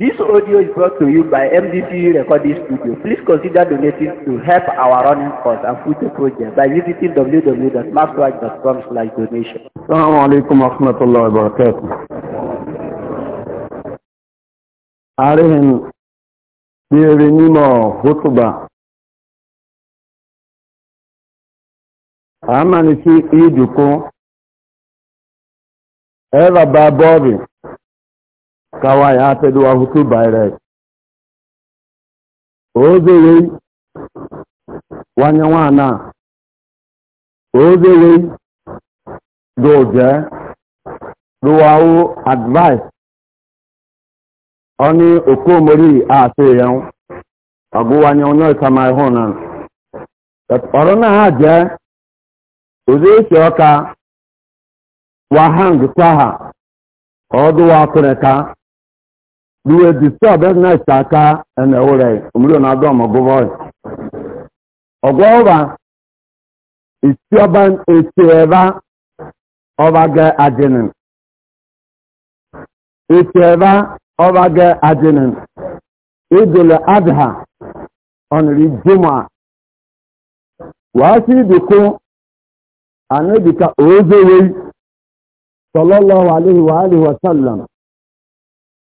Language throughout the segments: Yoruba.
This audio is brought to you by MDCU Recording Studio. Please consider donating to help our running costs and future project by visiting www.maxwatch.com slash donation. Assalamu alaikum wa rahmatullahi wa barakatuh. Àríhìn ní eré nímọ̀ Hótùbà. Àmà ni sí kawa ya atẹ̀dúwà hutu bayrẹ̀ ozewe na nwana ozewe doje duwawo advice ọni okomori ase yẹn ọgụwanye onye ọsama ihu e na ọrụ na ha jẹ ozi esi ọka wahang saha ọdụ ọdụwa kụrịka Duwe disturb ebe na-eche aka na-ewere omiri na adọm gụbọi. Ọgwọ ọba ọgwọ ọba esi ebe ọba ga adịnị. Esi ebe ọba ga adịnị. Idule adha ọnụrụ ijuma. Waasị dịkụ anụ dịka ozewe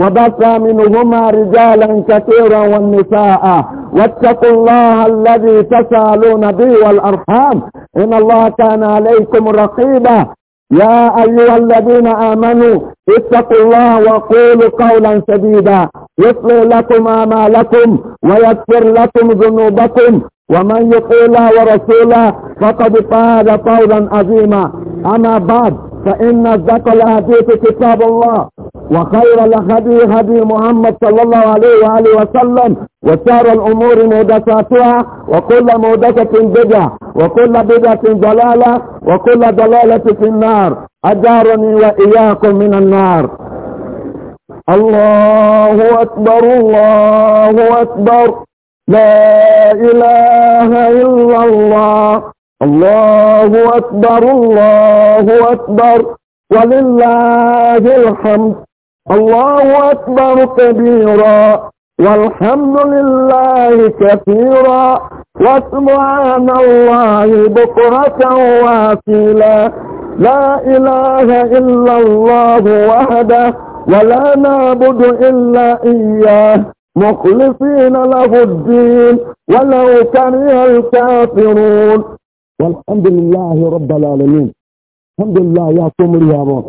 وبقى منهما رجالا كثيرا والنساء واتقوا الله الذي تسالون به والارحام ان الله كان عليكم رقيبا يا ايها الذين امنوا اتقوا الله وقولوا قولا سديدا يصلح لكم اعمالكم ويغفر لكم ذنوبكم ومن يطع الله ورسوله فقد فاز فوزا عظيما اما بعد فان ذكر الحديث كتاب الله وخير الهدي هدي محمد صلى الله عليه وآله وسلم وشار الأمور مهدساتها وكل مهدسة بدعة وكل بدعة ضلالة وكل ضلالة في النار أجارني وإياكم من النار الله أكبر الله أكبر لا إله إلا الله الله أكبر الله أكبر ولله الحمد الله أكبر كبيرا والحمد لله كثيرا وسبحان الله بكرة واصيلا لا إله إلا الله وحده ولا نعبد إلا إياه مخلصين له الدين ولو كره الكافرون والحمد لله رب العالمين الحمد لله يا سمر يا رب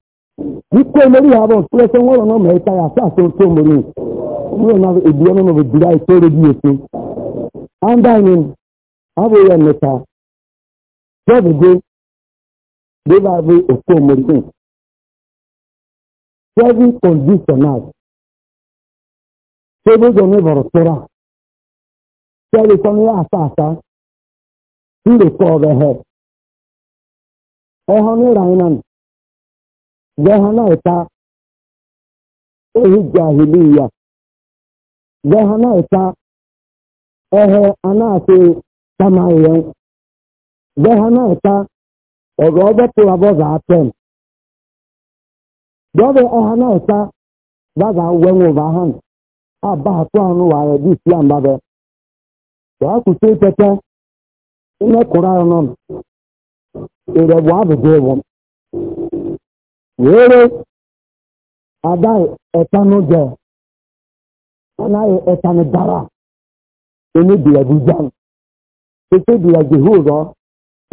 Dikwe mori haba nsirese nwere ọnọ mẹta ya sa ase nso mori nwere na ebi ọnụ na ebira ito redi eto. Anda ni abụ ya mẹta jọbụgo dịba bụ oko mori n. Seven conditionals. Sebe ụzọ n'ịbọrọ tụra. Sebe ụzọ ya asa asa. Ndekọ ọbụ ehe. Ọhụrụ anyị na ndụ. Gahana ịta ohi jahiliya. na ịta ehe anaghị kama ihe. Gahana ịta ọrụ ọbọpụ abọza atem. Dọbe ọhana na baza wenwe vahan. Aba atụ anụ wara dị islam babe. Wàá kùsù tẹ́tẹ́. Ime kụrụ anọ. Ìrẹ̀gbọ́ abụghị ịbụ. were adaghị etanụ jọ anaghị etanụ dara onye bira buja sete bira jehova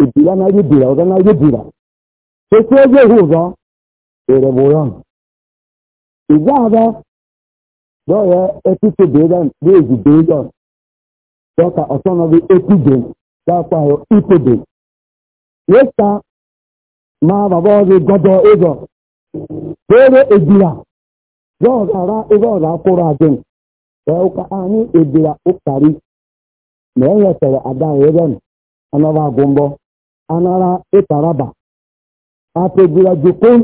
ebira anaghị bira ọzọ anaghị bira sete jehova ere bụ ya ịga abịa dọọya etiti bera na-eji bera dọka ọtọ nọ gị etide dọkwa ikpebe weta ma baba ọzọ gọdọ ụzọ tere ebira ya ọ gara ebe ọ ga-akwụrụ adịm wee ụka anyị ebira ụkari na e nyefere ada ebe m anara agụmbọ anara ịtaraba apebira jokom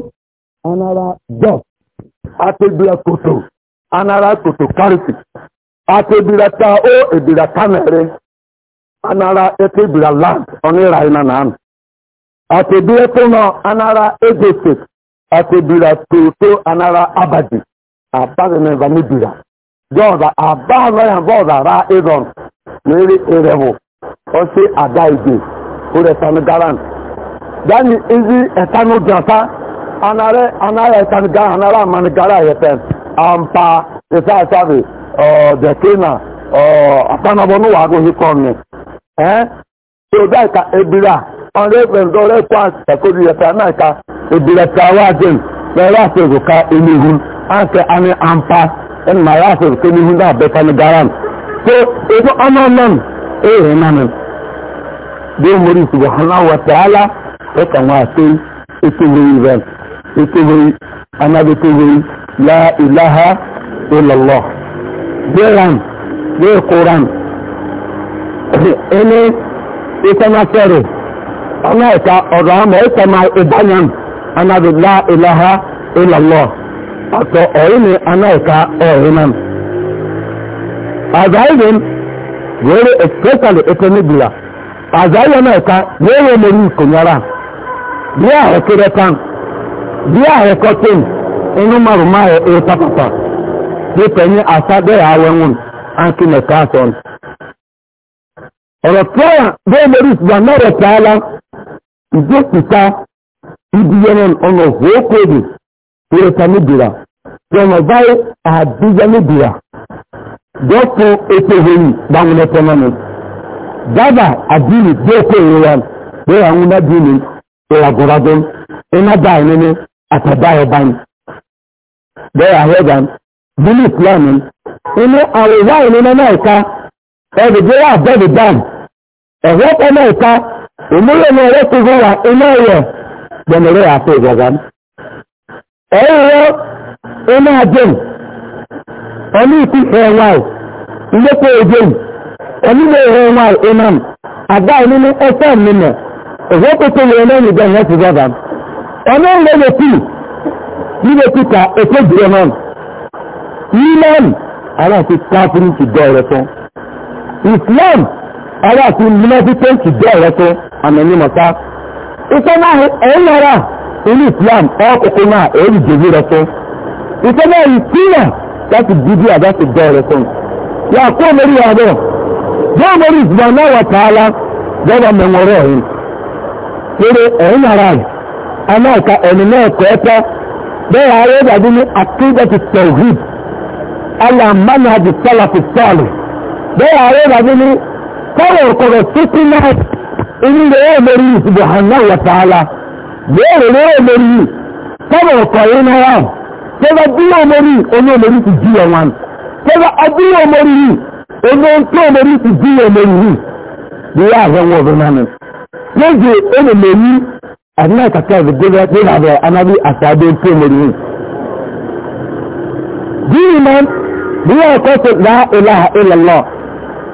anara dọt apebira koto anara koto karịsị apebira ta o ebira tanere anara epebira land ọnụ ịra anyị na na anụ atebire tụnọ anara ezesef atebira toto anara abadi abazineva mibira jọza abazaya bọza ra ịzọn n'eri erevụ ọsị ada ige oresan garan dani izi etanu jata anara anara etan anara amani gara yeten ampa isa asabi ọ dekina ọ ọ̀rẹ́ pẹ̀lú ọ̀rẹ́ kó àtẹ̀kọ́dù yẹta náà ka ìbìlẹ̀ta wá jẹun lọ́rọ́ àfẹ́rù ká enihu àǹkẹ́ àmì àǹpa ẹni màrá àfẹ́rù ká enihu náà bẹ́ta ní garam tó èso ọmọ náà èèrè náà bí ó mórí ìṣubú hànà wọ̀tẹ̀ àlá ẹ̀ka wọn àti ètòwéyì rẹ̀ ètòwéyì anábẹ́tòwéyì la ilaha illallah bẹ́ẹ̀rán bẹ́ẹ̀ kóran ẹni ìtẹ́nafẹ́rẹ̀ ọlọ́ọ̀ta ọ̀rọ̀ àmọ́ ẹ̀kọ́ máa ìbáyan anábìlá ìlàhà ìlàlọ́ àtọ̀ ọ̀rí ni anáìka ọ̀rí náà àzáyé wéré especially economic àzáyé náà ká wéré mẹ́rin ìkònyára bí ààrẹ kéré tán bí ààrẹ kọ́tìn inú márùn-ún márùn bí pẹ̀lú ọ̀rọ̀ tí bẹ́ẹ̀ ìgbà náà rẹ̀ ìjókòó ìdíyẹnà ọ̀nà òkòdù ìrẹta níbìrà jọmọ báyìí àdíyẹ níbìrà jọ́pọ̀ ètò ìròyìn báwọn ẹ̀tọ́ náà ni dábà àdínì jókòó ìrora lórí àwọn onábìínì ìràgọ́ragọ́ iná bá ìnínú àtàdá ẹ̀bá ni bẹ́ẹ̀ àhẹ́gà nínú ìsìlámù inú àwòrán ìnínú náà ẹ̀ka ẹ̀rẹ̀dẹ́rẹ́ àbẹ́rẹ̀ dáàmù ẹ̀rọ Omúlò ní ọwọ́ tó fún wa iná ẹ̀yọ̀ gbẹ̀mẹ̀rẹ̀ àti ìgbàgbà. Ẹ̀rọ iná àjẹm, ọní ìkú ẹ̀wà ò, ìlépò ìjẹm, onílé ẹ̀wà iná àgbà nínú ẹ̀fẹ́ mímọ̀, òwò pépé lè ní ìjọ ìyẹn ti gbàgbà. Ọ̀nà ìlú lè kú nílé pípa ètò ìdúró náà. Yílẹ̀ àwọn àti káfíńtì dọ̀ ọ̀rẹ́ fún. Ìsìlámù ọwọ́ àti mílẹ́dítẹ́ǹtì bẹ́ẹ̀ rẹ́kọ́ àmẹ́nímọ̀ta iṣẹ́ náà ẹ̀yìn ara inú islam ọkùnkùn náà èyí jèjì rẹ́kọ́ iṣẹ́ náà yìí tíyà láti dídí àdáṣe bẹ́ẹ̀ rẹ́kọ́ yà kó lórí ọdọ bẹ́ẹ̀ lórí ìgbà náà wà tààlà gbọ́dọ̀ mẹ́wọ̀rọ̀ yìí péré ẹ̀yìn ara yìí anáàka ẹ̀mí náà kọ́ ẹ́tọ́ bẹ́ẹ̀ ààrẹ ìdàdí ní àkíńdẹ̀tì tẹ̀wìd alàmánà àdìsálàfì tọ́ọ̀lù bẹ́ẹ̀ ààrẹ ìdàdí ní kọ́rọ̀ kọ̀rọ̀ títí náà ilé olórí ìsìbòhánà wọ̀tàálà lóòrè lórí olórí kọ́rọ̀ kọ̀rọ̀ náà tẹ́lá bí olórí olú olórí ti jí ẹ̀wọ̀n tẹ́lá ọdún olórí yìí olú tó olórí ti jí olórí yìí bí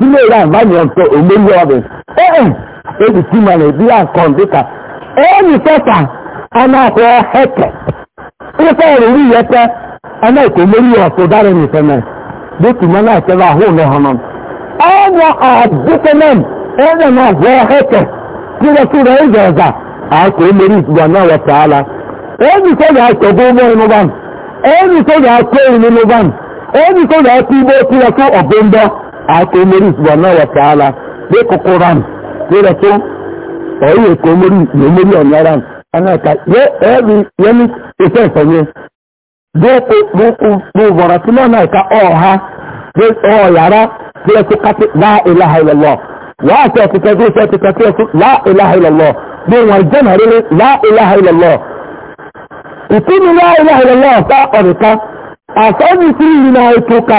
sílé ìlà ìbáni ọ̀sẹ̀ ògbóni ọ̀bẹ ẹ̀ẹ́n ebi tí ma lè bí àkọ́ǹdíkà ẹ̀ẹ́nì pẹ́ta anáàkọ́ ẹ̀kẹ́ nípa ọ̀rọ̀ orí yẹn tẹ́ anáàkọ́ lórí ọ̀sẹ̀ dára ní ìfẹ́mẹ́ bí tí ma náà tẹ́lá àhóò lẹ́hàn náà ẹ̀ẹ́nà àdúgbò náà ẹ̀ẹ́nà náà bọ́ ẹ̀kẹ́ nígbà tí rẹ̀ ń zọ̀ọ̀zà àkọ́ lórí ìtura náà wọ̀ tààlà ẹ̀ẹ́nì tó yà àkọ́ gbogbo ẹ̀ẹ́nì tó yà àkọ́ ìrìn Akomori wa akọ omori ìsúwà náà wà tààlà bí kòkó ram bí rẹ tó ọ̀yẹ́ èkó omori omori ọ̀nà ram anáka yẹ ẹ̀rí yẹni ìfẹ́ ìfẹ̀yẹ bókó bókó bóbọ̀rọ̀ tí náà náà ká ọ̀ha ọ̀yàrá bí rẹ tó kátó láìláha ìlọ̀lọ̀ wàá tẹ ẹ̀kútẹ́ bí rẹ tó kátó ẹ̀kú láìláha ìlọ̀lọ̀ bí wọn jẹ́ náà rere láìláha ìlọ̀lọ̀ ìtúnu láìláha ìlọ̀lọ̀ ọ̀sá ọ̀rìká àsọ́ni sí ìrìnà ètò ká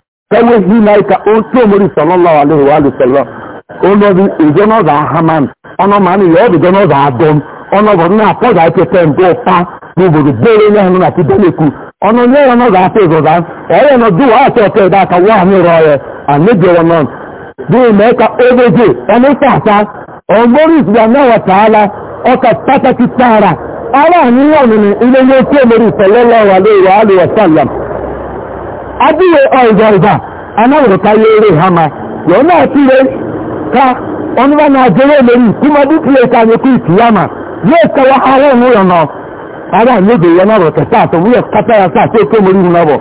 kẹwé yìí náà ìka ó tó mórí sọlọ́lá wà lóhùn wà lù sọlọ́ ó lọ bí ìjọ náà zà hamam ọ̀nà màá ni yọ̀ọ́ ìjọ náà zà dọ́m ọ̀nà bọ̀ náà pọ̀jà ìkẹtẹ̀ ǹdọ́ pa gbogbo gbére ní ẹnu àti bẹ́lẹ̀kù ọ̀nà ní ẹ̀rọ náà zà fẹ́ ìzọ̀zà ẹ̀rọ náà dùn wàá tẹ̀ ọ̀tẹ̀ ìdáka wà ní rọ ẹ̀ àníjẹwọ̀ náà bí mẹ́ka ógójì ọmọ ìfàṣà ọmọrí ìsìlẹ̀ náà wà tààlà ọkà pátákì tààrà ara àníyàn ní ilé yóò tó mórí ìfẹ̀lẹ́lọ́wà lóòwà àlùwà sàlám adịghị ọịza ịza anaghịrịta ya ere ha ma ya ọ na-atụle ka ọnụma na-ajere emeri kumadu pleti anyị kwu isi ya ma ya ekewa ahụ ụlọ nọ ara anyị ebe ya nọrọ ka taa atọmụ ya kata ya taa tee komori ihu nọbọ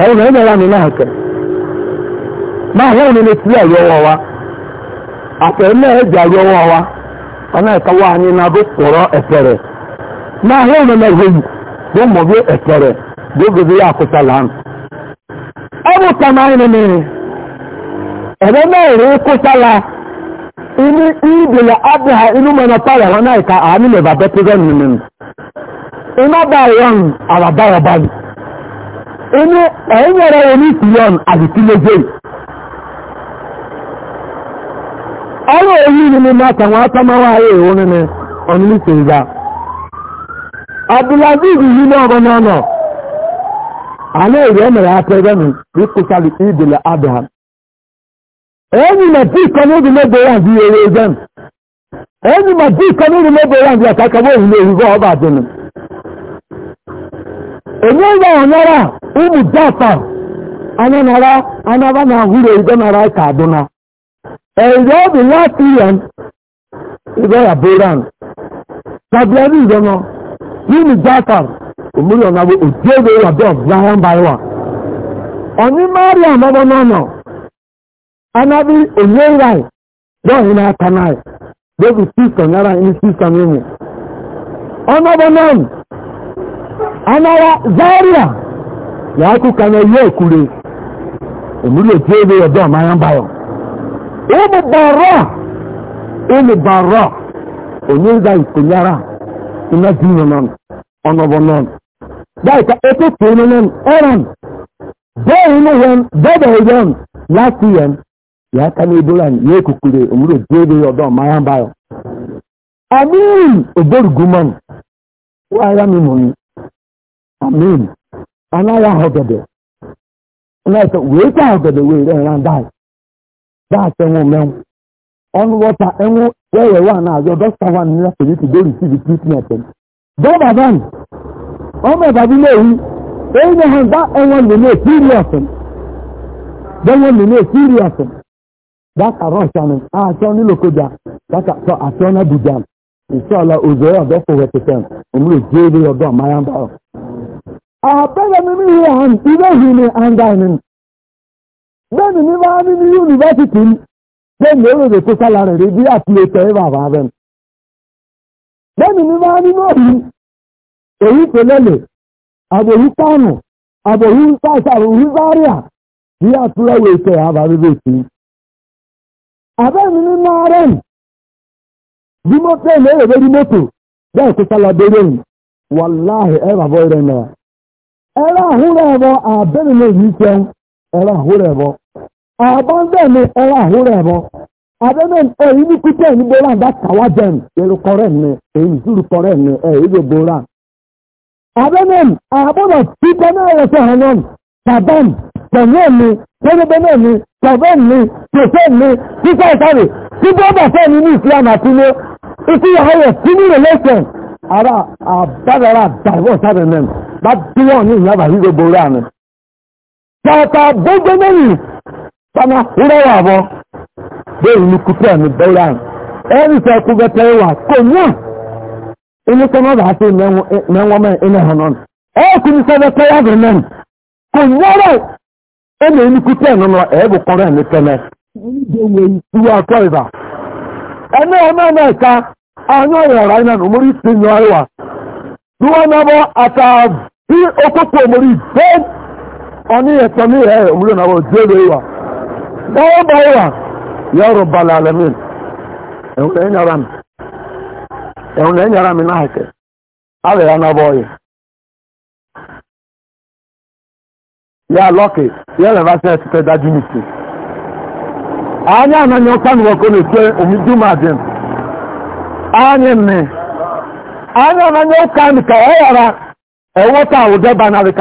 ẹ̀rọ ẹ̀rọ ẹ̀rọ mi náà kẹ máa hẹ́rọ mi lè tilẹ̀ yọ ọwọ́ wa àtẹ̀rẹ́ náà ẹ̀jẹ̀ ayọ ọwọ́ wa ọ̀nà ẹ̀ka wà ní iná bó kọ̀rọ̀ ẹ̀fẹ̀rẹ̀ máa hẹ́rọ mi náà yẹ bó mọ̀ bí ẹ̀fẹ̀rẹ̀ bí ó yà kúta lánàá. ẹ̀rù tàmáìnì ni ẹ̀rẹ́ náà rí kúsàlá inú ìdìlẹ̀ abúhà inú mọ̀nà pààrà wọn náà ìka àánú lè bàbẹ́ tó rẹ̀ nínú iná báyọ̀n àràbáyọ̀bá ni inú ẹ̀yìnrẹ̀ oní ọrụ oyi nínú mọ́ta wọn atọ́mọ́wọ́ ayé ìwọ nínú ọ̀nà ìṣèjá abdulaziz yìí náà ọ̀rọ̀ ala eri emere aka ebe nụ ịkwụsarị idula abraham enyi ma dịka n'obi mebe ya ndị ihe ma mebe ya ndị aka kaba ọba dịnụ onye nwa ụmụ data anya nara anaba na ahụrụ erigo nara ka adụna eri obi latian ibe ya boran tabiari n'ụmụ omuli ọ̀nà bụ ojú ebe ya dọ̀f zahan baiwa ọ̀nyí mmadụ amabọ n'ọnọ anabi onye rai dọ̀hị n'aka nai dobi sistọ nyara ini sistọ n'ime ọnọbọ n'ọm anara zaria ya akụka na ihe ekwure omuli ojú ebe ya dọ̀f zahan baiwa ụmụ bara ụmụ bara onye rai konyara ina dino n'ọnụ ọnọbọ n'ọnụ dáìka ètò tòun ní ẹran bẹ́ẹ̀ inú wọn bẹ́ẹ̀ yẹn láti yẹn yàá ká ní ebola ní yóò kúkúrè òmùrò déédéé ọ̀dọ́ mayá báyọ̀. àmín ògbórùgùmọ̀n wọ́n ara mi mọ̀ ní àmín anáyà ọ̀gẹ̀dẹ̀ ọ̀nàìsàn wèé ká ọ̀gẹ̀dẹ̀ wèé rẹ̀ rán báyìí báà tẹ̀ wọn mẹ́wọ́n ọ̀nù wọ́ta ẹ̀wọ̀n wẹ́yẹ̀ wà náà dọ́kítà wà ti ọmọ ìbàbí léyìí èyí ni hàn bá ẹwọn lè ní èsìrì ọ̀sán bẹ́wọn lè ní èsìrì ọ̀sán dáka rán ṣanu aṣọ nílò kọjá dáka sọ aṣọ náà bùjá ìṣọ́ọ̀lá òzò ọ̀dọ́ fún wẹ́pẹ̀tẹ̀ òmùlò jéèrè ọ̀dọ́ mayamba ọ̀. àbẹ̀rẹ̀ mi ní ìhà ilé ìhì ni anga ni bẹ́ẹ̀ni ní bá ní ní yunifásitì bẹ́ẹ̀ni ó rèé kó sálárẹ̀ rí bí àti ètò ẹ̀ bàbá bẹ́ẹ̀ni bẹ́ẹ̀ni ní bá ní náà èyí pẹ̀lẹ́lẹ̀ àbòyí pánù àbòyí pàṣẹ àbòyí báríà bí àtúrọ̀wé àbábébé sí. àbẹ́mi ní márùn bí mo tẹ́ ilé ìwé rí mọ́tò bẹ́ẹ̀ kó sálà bẹ́rẹ̀ yìí wàláhì ẹ̀rọ àbọ̀ rẹ̀ náà ẹ̀rọ àhúrẹ̀ ẹ̀bọ àbẹ́mi ní èyí sẹ́n ẹ̀rọ àhúrẹ̀ ẹ̀bọ àbọ̀ ni ẹ̀rọ àhúrẹ̀ ẹ̀bọ àbẹ́mi ẹ̀yí ní kúkẹ́ èyí abẹ́nàm àbọ̀dọ̀ pípẹ́ náà wọ sí ọ̀rọ̀ náà bàbám pẹ̀lú ẹ̀mí pẹ́lẹ́bẹ́ náà ni bàbám mi pèsè mi pípẹ́ ìsáré tí bọ́ọ̀bà fẹ́ mi ní islam àti ilé ikú ayọ̀ sí ní relation ara àbádára àbáwọ̀ sáré náà bá bí wọ́n ní ìyàbà ní gbogbo rẹ̀ àná. tàtà gbogbo mẹ́rin fana rẹ̀ wà bọ́ bẹ́ẹ̀ ni kúkẹ́ mi bẹ́ẹ̀ rẹ̀ àná ẹ̀rí sẹ́kú gẹ́tẹ́ wà kò náà inú tó náà na mẹ́wọ́n mẹ́ iná hàn náà ọkùnrin sọ́dọ̀ tó yá bẹ̀rẹ̀ mẹ́rin kò wọ́rọ̀ ẹnì ẹnìkútẹ́ ẹ̀ nínú nọ kọ́rọ̀ ẹ̀mí tẹ́lẹ̀ ẹnìdéwé ìwé àtọ́ ìbà ẹnì ọmọ náà ká na ọ̀rẹ́ ọ̀rá iná nù na sí ní ọ̀rẹ́wà enwere lẹ́yìn ara mi náà hẹ̀kẹ́ àwẹ̀ ya náà bọ́ọ̀yẹ̀ yà lọ́kì yà lẹ́fà sí ẹ̀sì tẹ́dá júnìtì àányà náà ni ó kánú ọkọ lè pé omi dúmọ̀ àdìm àányà mi àányà náà ni kà ẹ̀ yàrá ẹ̀wọ́ tá àwùjọ bá náà lè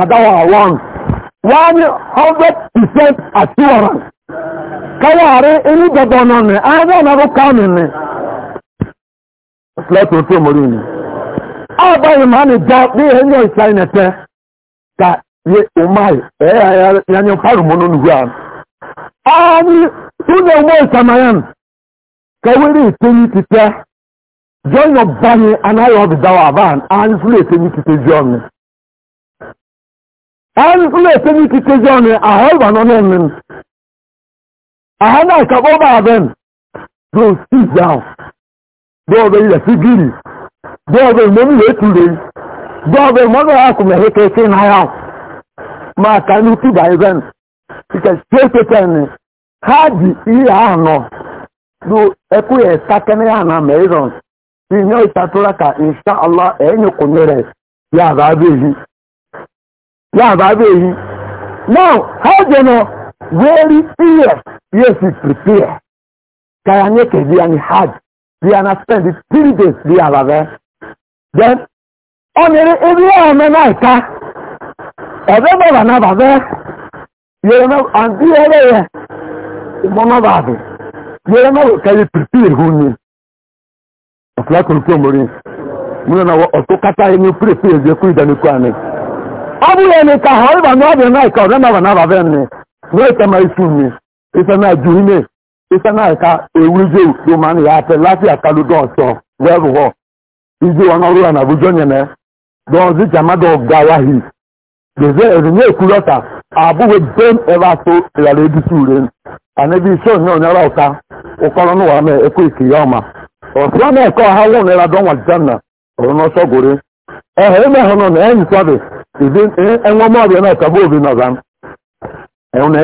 wọ́n ní hundred percent inú ni láti òfin òmòrí ni àbáyé máa ní já ní ẹ̀yọ́ ìsáyìn ẹ̀tẹ́ ka yẹ òmáì ẹ̀yà yanyọ fárùmọ́ nínú ìwé àná ààbí túnjẹ ọmọ ìsàmáyàn kẹwérí ìtẹ́yìn títẹ́ jọ́yìn ọ̀báyé anáyọ̀ ọ̀bìdáwà àbáàn ààrín fúlẹ̀ ìtẹ́yìn títẹ́ jọ́ ni ààrín fúlẹ̀ ìtẹ́yìn títẹ́ jọ́ ni àhọ́ ìbànọ́ náà ni àhọ́ náà ìkàkọ́ bá abẹ́n those sit down dɔwɔbɛ yi lɛfi giri dɔwɔbɛ mɔmi yɛ tu le dɔwɔbɛ mɔmi yɛ akumɛ hɛ kɛse na yà máa ka ní ti bàyɛ bɛn ìkɛ sèche tẹni káàdì ìyá ànọ do ɛkú yɛ sakɛnɛ àná mɛyìrán ìyá ihe they understand it. three days they are there. Then, ọ̀nìrì ebi wọn mẹ náà ká ẹ̀bẹ̀ bàbà náà bàbẹ̀ yẹ̀rẹ̀ náà àǹtí ẹ̀rẹ̀ yẹ ìmọ̀nà bàbẹ̀ yẹ̀rẹ̀ náà wò kẹ́yẹ pìpì ìhù ni ọ̀fúlá kòlùkù òmùrì múlẹ̀ náà ọ̀tún kátà yẹn ní pìrìpì ẹ̀jẹ̀ kú ìdánikú àná. ọ̀bùyẹ̀ ni ká ọ̀rẹ́ bàbẹ̀ náà ká ọ̀rẹ́ bàbà náà bàbẹ̀ ni wọ́n ìtàmà ìsú mi ìtàmà àjù ita náà ka ewúrẹ́jẹ́ òkúrò máa ń yà àtẹ láti àkàlùdọ̀ ọ̀sán wẹ́ẹ̀rù họ ìdí wọn ọrú àná yẹn nẹ dọ̀ọ̀dì jàmádọ̀ gàwá gbèsè ẹ̀rìnyẹ́ èkúrọ́ta àbúwẹ̀ bẹ́ẹ̀m ẹ̀rọ àtó ìyàrá ibi tù rẹ̀ ànábi iṣẹ́ òní ọ̀nyára ọ̀ta ọ̀kọ́rọ̀ ní wàá mẹ́ ẹ̀kọ́ ìkìyà ọ̀ma ọ̀sán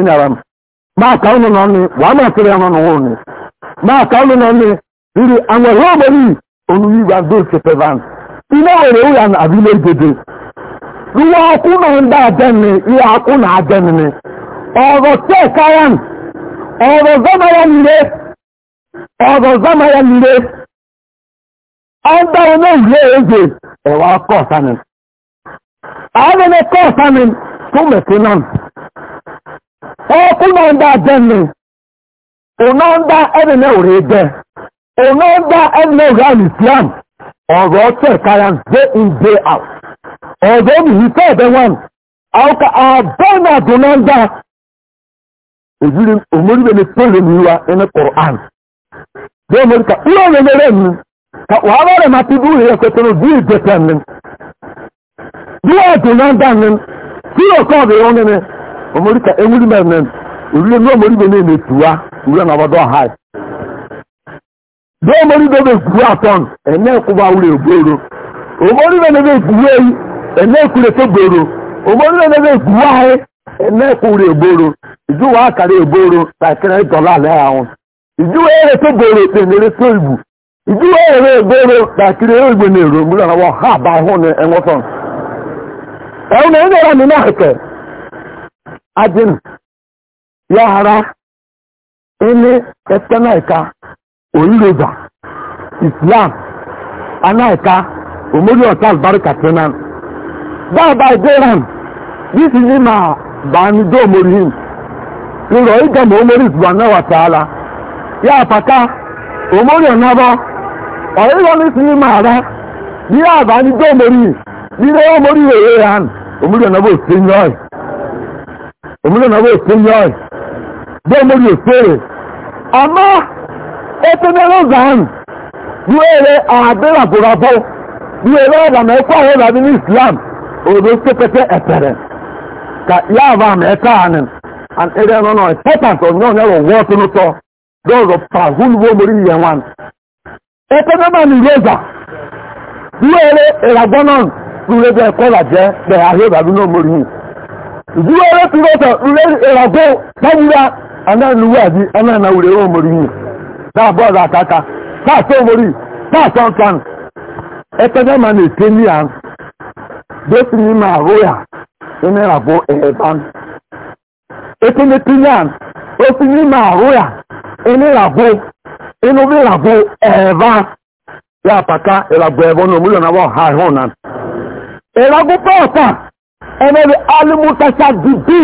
ẹ̀kọ́ máa kàá nù nà ni wàá máa kéré ẹran nù wọn ni máa kàá nù nà ni rírì àwọn ẹ̀rọ ọ̀bẹ yìí olùyí wa dó ṣẹfẹ van iná wẹ̀rẹ̀ ó yà ní àbílẹ̀ gbèdé ìwà ọkùn náà ń dá àjẹ́ ni ìwà ọkùn náà àjẹ́ ni ni ọ̀rọ̀ tẹ́ káyà ọ̀rọ̀ zámáyà nílé ọ̀rọ̀ zámáyà nílé ọ̀dá oní ìlé èzè ẹ̀wà kọ́ọ̀sánì àwọn ẹni kọ́ọ̀sánì tó mẹ̀tẹ́ náà ọkụnọnda dene ụnọnda emene were ede ụnọnda emene were alisian ọrụ ọtọ kara nze nze out ọrụ omihife ebe nwan auka abọna dụnọnda eziri omoribe ne pere n'iwa ene kọrọ an bẹ́ẹ̀ mo ka ilé òyìnbó mi ka wàá bá rẹ̀ máa ti dúró yẹ kẹtẹ ní bíi ìdẹ́tẹ̀ mi bíi ẹ̀dùn náà dá mi sí òkú ọ̀bẹ̀rẹ̀ wọn nínú omori ka enwuri mẹrin nẹm òrùlé ní omori bẹ náà n'etuwa òrùlé náà ọbọdọ ha bí omori bẹ bẹ tuwa tọn ẹnẹ kúbọ awúrẹ ògbóró omori bẹ náà bẹ tuwa yi ẹnẹ kúrẹ tó gbòòrò omori bẹ náà bẹ tuwa yi ẹnẹ kúrẹ ògbóró ìdúwà àkàrẹ ògbóró tàkìrẹ ìtọ́lá àlẹ́ àwọn ìdúwà èrè tó gbòòrò tẹ̀lé tó ìbù ìdúwà èrè ògbóró tàkìrẹ ẹ̀yìn náà ní náà kẹ̀ ajin ya hara ini etenaika oyiroba islam anaika omori ọta tenan baba ijeran this ma baa do omori him ịga ma omori ìtura náà ya apata omori ọ̀nàbọ ọ̀rẹ́lọ ní sinima ara bí àbá omori òmìnira náà wọ́n èso yọ ẹ̀ bí ọmọ yóò fèrè ọmọ ètò ní rọ́zàn ní èrè àdérabùrabọ́ ní èrè ọ̀làmọ̀ ẹ̀kọ́ àwọn ọ̀làmọ̀ ní islam òdo pépété ẹ̀pẹ̀rẹ̀ ka yáàbá àmì ẹ̀ka àná and èrè ẹ̀rọ náà important ọ̀nyọ́ ọ̀nyọ́ wọ̀ wọ́ọ̀tún ní tọ́ dọ́ọ̀rọ̀ pàhùn wọ́n mọ̀rí yẹn wọn. ètò náà ní rọ́zà ní èrè ìràgbọ́n náà ìdíwọ́ ẹ̀rọ ti rọ́tọ̀ ìrọ̀gbọ́ bájúwá aláàlúwàdí aláàlúwàdí wọn mọ̀rí yìí dáàbọ̀ àtàkà pàṣẹ mọ̀rí pàṣẹ ọ̀tàn ẹ̀tẹ́jọ́ máa ní ètè ní àn bẹ́ẹ̀sì ní máa róyà ní ìrọ̀gbọ́ ẹ̀ẹ̀bán ètè ní tí ní àn ó sì ní máa róyà ní ìrọ̀gbọ́ inú bí ìrọ̀gbọ́ ẹ̀ẹ̀bá yà pàkà ìrọ̀gbọ́ ẹ̀bọ́n ní òmúlò náà wọ́n ẹnẹ́bi alimutasa dìbì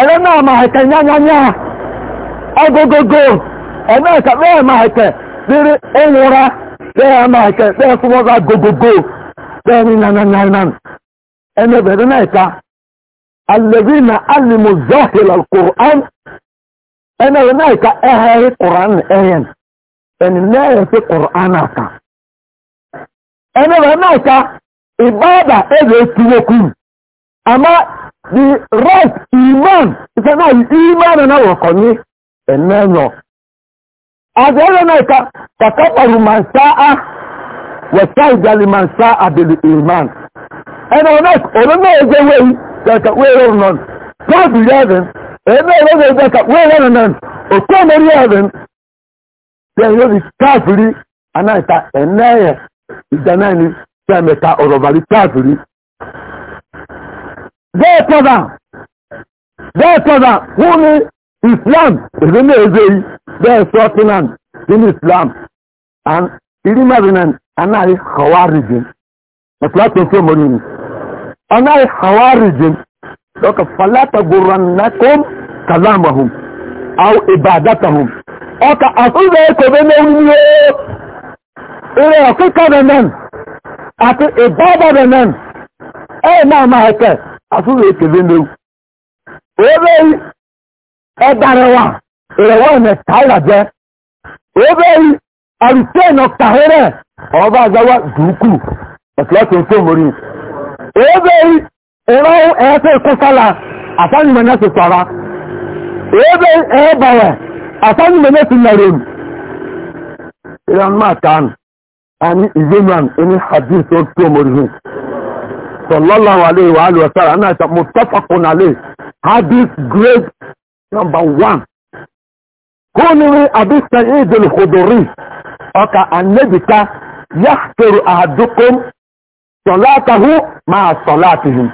ẹ̀rẹ́ náà máa hẹ̀kẹ́ nyányányá agogogo ẹ̀nà ẹ̀kẹ́ bẹ́ẹ̀ máa hẹ̀kẹ́ rírí ìwúra bẹ́ẹ̀ máa hẹ̀kẹ́ bẹ́ẹ̀ fúnwọ́gá gogogo bẹ́ẹ̀ ní nánánánán ẹnẹ́bi ẹ̀rẹ́ náà ẹ̀ka na alimuzahila kùrán ẹnẹ́bi náà ẹ̀ka ẹ̀hẹ́rẹ́ kùrán ẹ̀yẹn ẹ̀nì náà ẹ̀fẹ́ kùrán àká ẹnẹ́bi náà ẹ̀ka ibada is a tuwekun. Ama the right iman is a iman and our koni As every night, takabaru man sa'a wa sa'igali man iman. And on that, on the night, the way that we're on on. God be heaven. carefully. tí a mẹ́ta ọ̀rọ̀ bàrí táàtì rí. bẹ́ẹ̀ tọ́dà bẹ́ẹ̀ tọ́dà wọ́n ní islam èdè náà ẹ̀zẹ̀ yìí bẹ́ẹ̀ sọ́tìland nínú islam ìrí mẹ́rin anáàrí hawarijin mọ̀tíláàtọ̀ tó mọ̀ nínú anáàrí hawarijin lọ́kà falata gùrànnákòm kàlámàhùn àwọn ìbàdàtàhùn ọkà àtúnṣe kò bẹ́ẹ̀ náà wúni yóò ìrẹ̀ ọ̀kẹ́kọ̀ọ́ náà àti ìbábọ̀dẹ̀ náà ẹ̀ náà máa ẹ̀kẹ́ àfúrò èkèlé léwu òwe ẹ̀dàrẹ̀wà ìrẹ̀wọ̀ ẹ̀mẹ̀ tààrà jẹ́ òwe àrùtẹ́ẹ̀nà tàhẹ́rẹ̀ ọba àgbáwá dùúkù ẹ̀tìlọ́tì ń fòmórí òwe ìrọ̀ ẹ̀ẹ́fẹ́ ìkúsálà àtànímẹ̀nà ti sọ̀ra òwe ẹ̀ẹ́bàwẹ̀ àtànímẹ̀nà ti nàrẹ̀ ìrànmọ́ àtàánù ani ìgbéman ẹni hadith tó tó mọ̀rìhìn sallallahu alayhi wa alihi wa sallam náà ṣe muttafaqun alayhi hadith grade number one. kúnìrí abi sa'id al-khuduri ọkà anabika yaxturu ahadukum salatahu ma'a salatihim.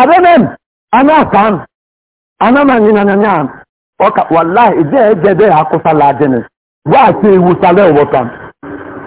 abenem anakan anamanyinanyan ọkà wàláhì ìdí ẹ̀ jẹ́ bẹ́ẹ̀ akọ́sálà jẹ́nẹ̀ wá àti ìwúsálẹ̀ ọ̀wọ́ta.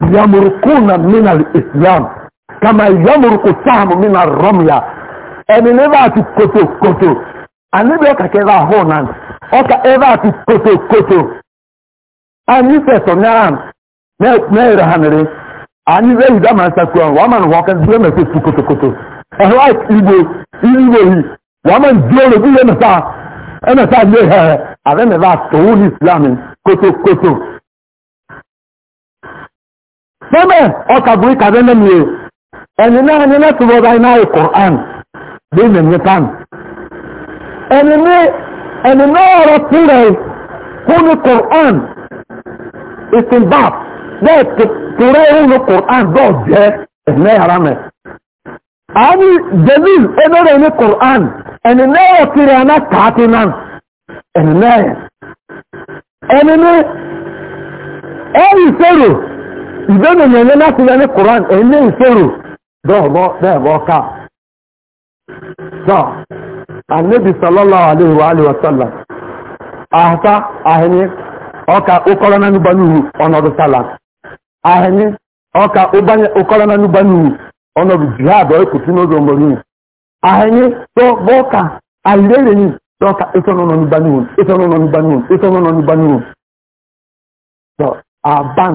yamurukuna mina islam kama yamuruku sahamu mina romya ẹni níbà àti kòtòkòtò àníbi ọkà kẹfà hónan ọkà ẹbà àti kòtòkòtò ànífẹsọ náà mẹrẹ hanere àníbẹ yìí dáhùn àṣàkùn ọhún wàá mànà wọn kẹ bí ẹmẹ fẹsù kòtòkòtò ẹhọ ìgbò ìgbò yìí wàá mànà dúró bí ẹmẹ sá ẹmẹ sá lé hẹ àbẹ mẹfà tòun ní islam kòtòkòtò sẹ́mẹ̀ ọkàbùrí kàbẹ́mẹ́ ni o ẹni náà ní láti wọ́dá iná ikọ̀ àn bí i mẹ̀mí pan ẹni náà ọ̀rọ̀ sílẹ̀ kúni kọ̀ọ̀án ìsìnbà bẹ́ẹ̀ tẹ̀rẹ̀ ìrìnlẹ̀ kọ̀ọ̀án bọ́ọ̀ jẹ́ ẹ̀mẹ́ ara mẹ́ àmì jẹ́lìl ẹnọ́rẹ̀ ní kọ̀ọ̀án ẹni náà ọ̀rọ̀ sílẹ̀ aná kàátì náà ẹni náà ẹni ní ẹ̀rì sẹ́rọ̀ ìbéèrè yẹn ní láti lẹ́ ní koran ìṣòro ká àníbi sọlọ́lọ́ àhàtà ọkà ụkọrọ na nụba n'ihu ọnọdụ sala ahịnị ọka ụbanye ụkọrọ na nụba n'ihu ọnọdụ jihad ọkụtụ n'oge mgbori ahịnị tọgbọka ahịrịrịnyi tọka ịtọnụnọ nụba n'ihu ịtọnụnọ nụba n'ihu ịtọnụnọ aban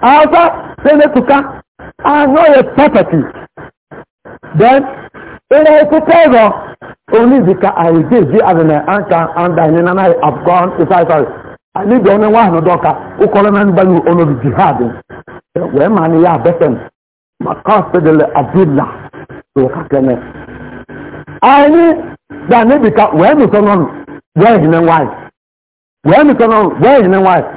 Hausa sai na tuka I know your property. Then in a potato only I will give as an anchor and then and I have sorry. I need the only one no doka o kola na nba no no jihad. We ma ya abdullah. So ka kene. Ani da ne bika we mi so no. why?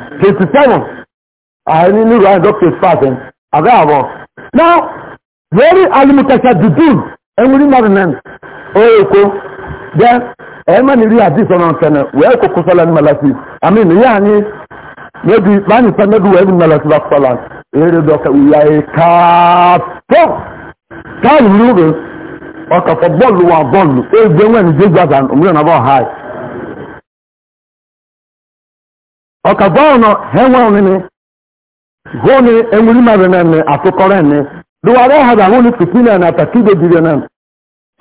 fifty seven àìní nílùú àìjọ page five ẹn àbẹ́ àbọ̀ now very alimutasha dudun ẹnwúrí marinette ó èkó jẹ́ ẹ̀ẹ́mà ní rí àdìsọ náà tẹ̀lé wẹ́ẹ́ kókó sọ́lá ní malasi àmì ìyá ni méjì báyìí sọ méjì wẹ́ẹ́ ní malasi bá sọ́lá èrè dọ́kẹ́ ìyá yìí káàtó káàlù rúurú ọkọ̀ fọ bọ́ọ̀lù wà bọ́ọ̀lù ó jẹ́ wẹ́ẹ́ ní jẹ́ gbàgbà òmìnira náà bọ́ọ̀ háì. ọka bọọlụ henwe onini honi enwuri mmadụ nene atụkọrọ ene duwara ọha ga honi fitina na takido na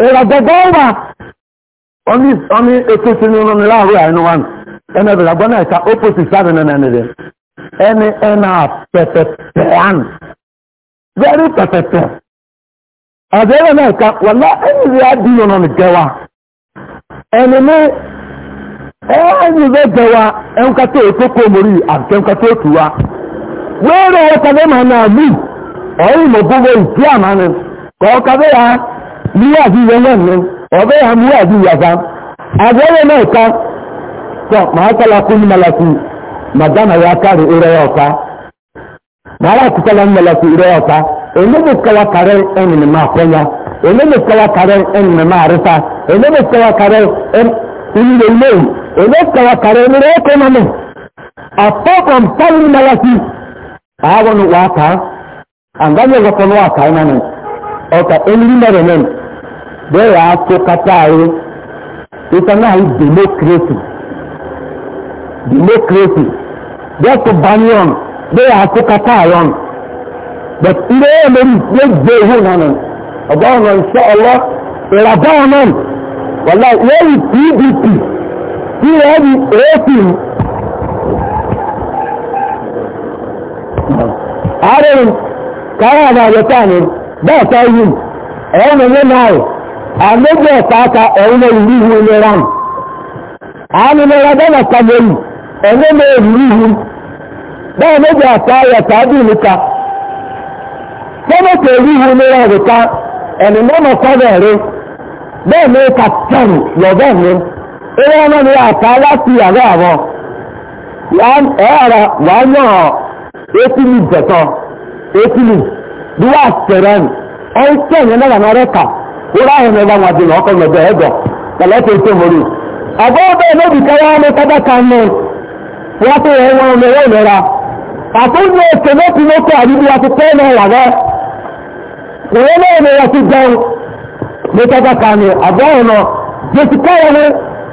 ịra gọgọwa oni ọnụ n'ụlọ n'ụlọ ahụ ya ịnụwa ene bịara gwa na-eka oposi sabi na nenere ene ene n'ụlọ ẹ̀ẹ́nì bẹ́ẹ̀ jẹ wa ẹ̀ńkátó ètò kòmórì àti ẹ̀ńkátó òtù wa wéèrè ọ̀kadà máa náà mú ọ̀rìn mọ̀gbọ́gbọ́ ìtú àmánu kọ̀ọ̀kadà yà níyà bí yẹn náà nù ọ̀bẹ ya mú àbí yàgá àgbẹ̀rẹ̀ náà ká tọ́ màá kọ́lá kú ní malasi màdánà ya kárì ìrẹ́ ọ̀ká màá kọ́lá ní malasi ìrẹ́ ènìyàn kọ́lá máa kọ́nyá ènìyàn kọ́lá máa ènìyàn kọ́lá oloka wakara emere eko nane na waka anganye wakon waka nane ọka emiri mere nene bẹẹ yà á tó kata ayé ìtàn náà yìí democracy democracy bẹẹ tó banyan kata but ilé ẹlẹ́rìí lè gbé ewu nane ọgbà ọ̀nà ìṣọ́ ọlọ́ ìràbá pdp. ojú rẹ̀ rí èéfì ààrùn káwọn àwọn àyẹ̀tà ni bẹ́ẹ̀ tọ́ yìí ẹ̀wọ̀n ní náà àmójẹ́ ìpáta ẹ̀wọ̀n ìlú ìlú ìlera àmì lọ́ra bẹ́ẹ̀ kàmẹ́lì bẹ́ẹ̀ méjì àtà àyẹ̀tà bí bẹ́ẹ̀ ewé ọmọ ni àtà láti àgọ́ àwọn ẹ̀ẹ́ra wà náà étílì jẹ̀tọ́ étílì bí wà sẹ̀rẹ̀ ní ẹ̀yìn tí ẹ̀yìn náà lànà rẹ́kà ó ráyìn ẹ̀bá wọn dìnnà ọkọ̀ lọ́dọ̀ ẹ̀dọ̀ pẹ̀lẹ́tẹ̀ tó mọ́rí àbọ̀ bẹ́ẹ̀ lóbi kẹwàá ní kọ́dọ̀kà ní wọ́n tó yẹ wọn ní owó ìlera àtúndì ètò lókun lókun àdúgbò àti tẹ́ẹ̀nà ìlànà ìwé náà ni wọ́n ti jẹun ní kọ́dọ̀kà ní àbọ̀ ọ̀nà jẹ́sìkáyọ̀ ní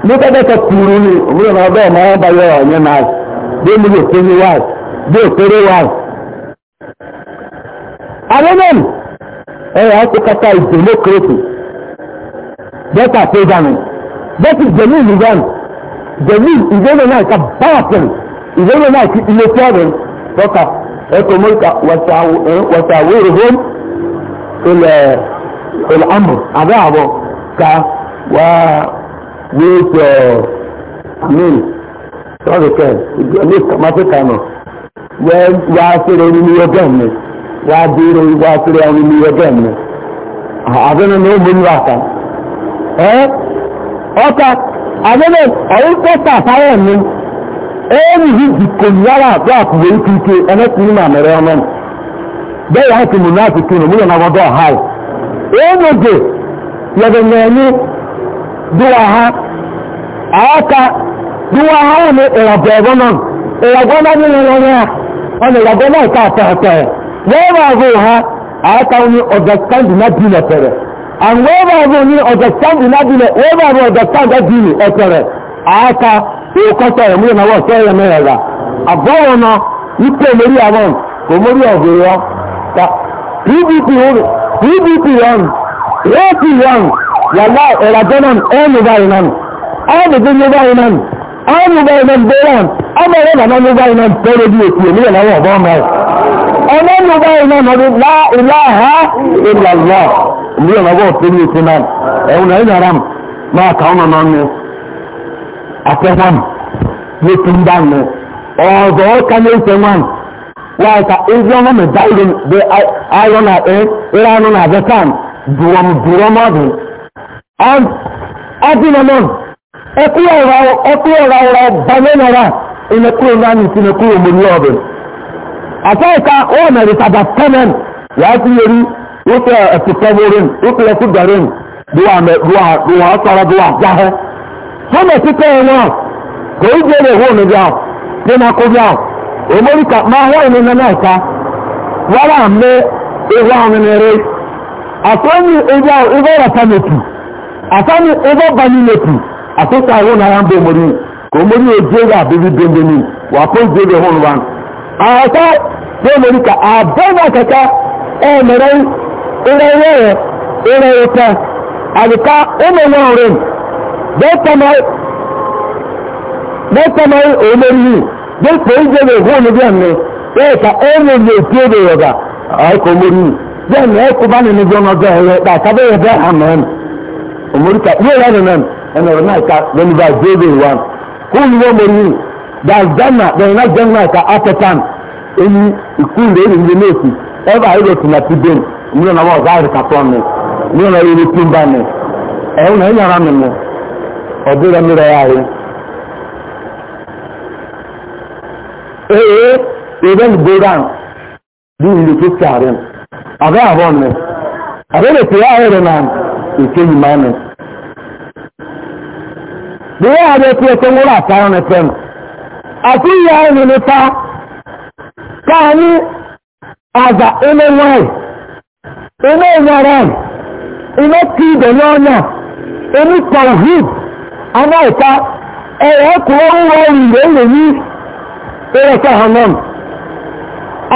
mọ́tàdẹ́kẹ kúrú ni òmìnira máa bẹ́ẹ̀ máa bá yọ ọ̀yẹ́ náà bí omi lè pé ní wá bí òkèrè wá. àlọ́mọ̀nù ẹ̀rọ akókàtà ìdèmó kérésì bẹ́ẹ̀ta pé dànù bẹ́ẹ̀tì jẹ̀mí ìlú dànù jẹ̀mí ìdèmó náà ká báàpẹ̀ ìdèmó náà kí ilé tẹ́rẹ̀ lọ́kà ẹ̀kọ́ mọ́ríkà wọ̀sàwérò hóm ilẹ̀ ọ̀làmù àbẹ́ àbọ̀ ká wàá with uh, milk not the kind milk mafrikano wá sílẹ̀ ẹni ní ọjọ́ mi wá dúró wá sílẹ̀ ẹni ní ọjọ́ mi àbẹ́nu ní ó mú ní wàtà ẹ́ ọ̀tà àbẹ́nu ọ̀rọ̀ pọ́tà sáyẹ̀ mi ẹni yìí dìkò yára àbúrò àkùnrin kíkẹ ẹnẹ́kùnrin màmẹ́rẹ́ ọmọ mi bẹ́ẹ̀ yà á ti mú náà ti kí ni mo yàn náà wọ́n bọ́ ọ̀háì ẹni òjò yẹ̀dẹ̀ nẹ̀ẹ́ni duwa ha awaka duwa ha ne irago ebo non irago na ni le le ha on irago na ka ta ta we ba go ha awaka ni understand na bi le tere and we ba go ni understand na bi le we ba go understand na bi le tere awaka o ko ta mu na wa se ya me ra abawo no ipe mori awon ko mori ogoro ta pdp o pdp on wọ́n fi wọ́n wàlá ọ̀rọ̀jọ́ náà ọ́nù báyìí náà ọ́nù bí ní báyìí náà ọ́nù báyìí náà bẹ́ẹ̀ náà ọmọ rẹ̀ náà ní báyìí náà bẹ́ẹ̀ bí èkú èmi rẹ̀ náà wọ̀ bọ́ọ̀mọ́ ẹ̀ ọmọ ní báyìí náà lọ́dún láìláha ìlàlá ìlú ọ̀nà bọ́ọ̀ tó ní èkú náà ẹ̀hún náà ìyára máa kà ọ́nà mẹ́ta ìrìn ayọ́ náà ẹ̀ ìrànú náà bẹ́tàn duwam duwam adùn adùnàmọ ẹkú ọ̀rọ̀ ẹkú ọ̀rọ̀ ọ̀rọ̀ bàmẹ́nara ìnẹkú ìlànà ìtìnẹkú òmùnú ọ̀bẹ àtẹ́ẹ̀ka wọ́n mẹ́rin tàbá tẹ́mẹ́n yàá ti yẹrí wípé ẹ̀fùtẹ́wọ́rin wípé ẹkú dàrín duwa sọ̀rọ̀ duwa jáhẹ́ wọ́n mẹ́ títẹ́ ẹ̀ náà kò í jẹ́ lè wọ́n mi bíà bí wọ́n kó bíà òmórìkà máa wọ́n ìnana náà ká wọ́n wà mé ewu àwọn ẹ̀rẹ́ asọ́ni ebe ahụ ebe ọrata metu asọ́ni ebe ọbani metu asọ́sọ ahụ na ya mba omori ka omori eje ga abịrị bendeni wapụ ije ga hụ nwa asọ bụ omori ka abụọ na kaka e mere ire ire ire ite alika ụmụ nwa ọrụ bẹ́tẹ̀mọ́rí omori bẹ́tẹ̀ ije ga hụ nwa ọrụ e mere ite ga ọga ọkụ bẹ́ẹ̀ ni ẹ kó bá nínú jọmọ bẹ́ẹ̀ yẹ bàtà bẹ́ẹ̀ yẹ bẹ́ẹ̀ hàn mẹ́rin òmòríkà yóò yẹ nínú ẹnì ọ̀rọ̀ náà ká lẹ́nu bá jéèbè wà kó ní wọ́n mọ̀rí dàgbàna bẹ́ẹ̀ náà jẹun náà ká apẹ̀tàn ẹni ikú rẹ̀ èrè ní lẹ́sì ẹ bá yẹ lọ́tún àti dẹ́n ní ọ̀nà wọ́n ọ̀gá rẹ̀ kàtọ́ mi ní ọ̀nà yẹ lọ́tún bá mi ẹ̀rọ náà ẹ̀yàn rà mu ọ̀dọ́ rẹ̀ mi rẹ̀ yà rẹ̀. ee ìrẹ́ni gbóra bí ìlú tó ṣàrẹ̀ mu abẹ́ àbọ̀ mẹ́ abẹ́ lè pè áhẹ́ rẹ̀ náà èké yìí máa mẹ́. bí wọ́n àbẹ̀ pé ẹ̀kọ́ wọ́n àtàrà rẹ̀ pẹ̀lú àti ìyá ẹni nípa káà ní àgbà inú wáì inú ìyára inú kí ìdẹ̀lẹ́ ọ̀nà inú kọ̀ọ̀hìn àwọn ìta ẹ̀rọ kúrò wọ́n rí lè ní ẹ̀rọ kọ̀ọ̀hàn náà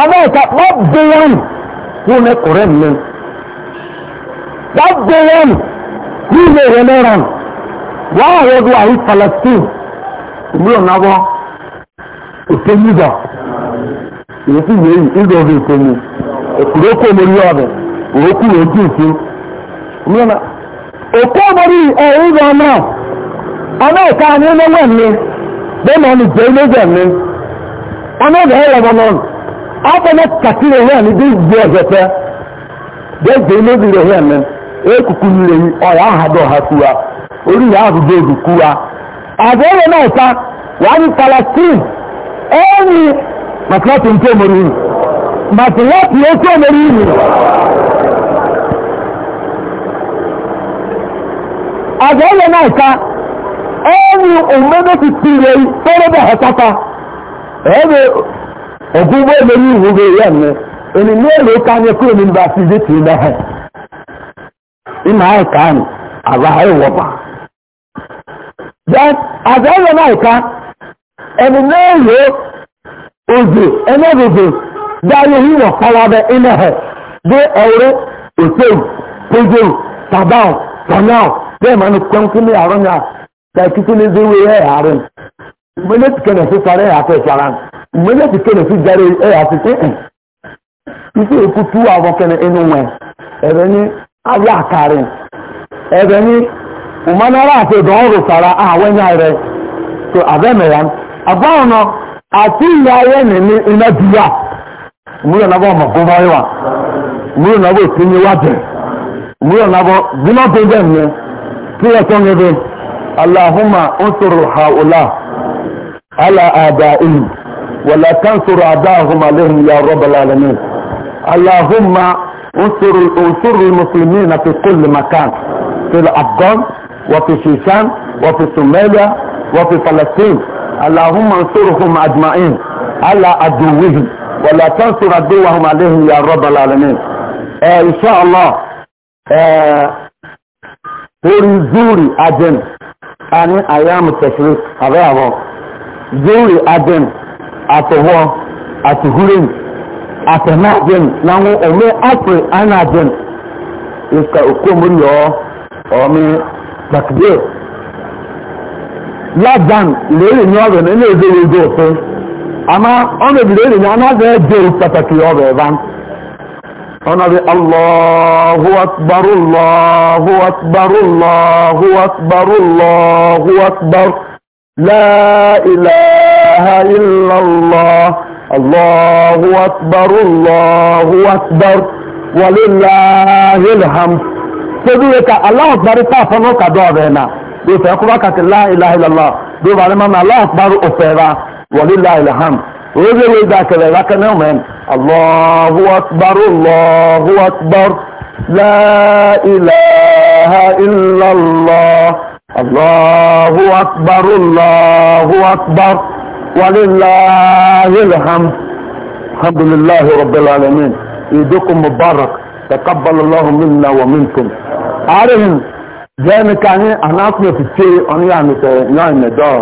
àwọn ìta wọ́n bí wọ́n wọ́n mẹ́ kọ̀rẹ́ mi lẹ́nu. that day on who may remain on wọ́n àwọn ọdún àrí palestine ìlú ọ̀nàwọ́ òtẹ́yìnbà èyí sì yẹ ìlú ọdún ìkọmù èkúrò kó omori ọdún òkú ojú ìfún mìíràn òkú omori ẹ̀rí ìlú ọmọ ọmọ ìka ni ó lọ́wọ́ mi bẹ́ẹ̀ ni ọ̀nà ìjẹ́ ilé jẹ̀ mi ọmọ ìbẹ̀rẹ̀ lọ́wọ́ náà afɔna kakiri hɛn ni bi gbi ɔzɔtɛ bɛ gbi ne bi rɛ hɛn mɛ ekuku nyere yi ɔyɛ oh, aha dɔ ha kuwa olu yɛ ahu do ebi kuwa adéwò náà ta wàá palestine ɛni matilati ntomori yi matilati ntomori yi adéwò náà ta ɛni omedo ti ti rɛ yi fɛrɛ bɛ hɛ tata ɛni. ọgụ ụgbọ elu iwu ga ya mme onye ụlọ ụka na mba si dịtụ ime ha ịma anyị ka anyị agba ha ịwọba aza ụlọ na ịka ẹni n'elu ozi ẹni obodo dáyé híwọ kọwabẹ ime ha dị ọrụ otel pojo tabal tanyal bẹẹ ma ya ka ikike ya mgbe na mmanya e, e e ti kene fi gare ẹ yà fi kí ife ekutu àwọn kene inú wẹ ẹbẹ ní ayé àkàrí ẹbẹ ní ọmọnara àti ọdọ sara àwọn ẹnyà rẹ tó abẹ́mẹ̀yà àbáwọn náà àti ìyá ayé ní ní iná dùyà múlò nàbọ ọmọ gbọmọ yìí wà múlò nàbọ òtúnyẹ wà jẹ múlò nàbọ bímọ tó bẹ nìyẹn tí ha ولا تنصر أعداءهم عليهم يا رب العالمين اللهم انصر انصر المسلمين في كل مكان في الأفغان وفي الشيشان وفي الصوماليا وفي فلسطين اللهم انصرهم أجمعين على عدوهم ولا تنصر عدوهم عليهم يا رب العالمين آه إن شاء الله torí zuri adem a ní àyàmù tẹ̀sírí àbẹ́ àwọn zuri adem atọwọ atọhurem atọnaadẹm n'ahụ ọmụ apụl anaadẹm ịka okomori yọ ọmị bakidie ladan lere ni ọbẹ na ẹna-eze wezu ọfẹ ama ọmọ ebi lere ni anaghị ede pataki ọbẹ ẹba ọ̀nà bí allahu akbar allahu akbar allahu akbar allahu akbar la ilaha إله إلا الله الله أكبر الله أكبر ولله الحمد سيديك الله أكبر تافنو كدوبنا دو فيقرأك لا إله إلا الله دو بعلمنا الله أكبر أفيرا ولله الحمد ويجي ويدا كذا لكن يومين الله أكبر الله أكبر لا إله إلا الله الله أكبر الله أكبر ولله الحمد الحمد لله رب العالمين ايدكم مبارك تقبل الله منا ومنكم عارف زي ما كان انا اسمي في الشيء انا يعني نايم دار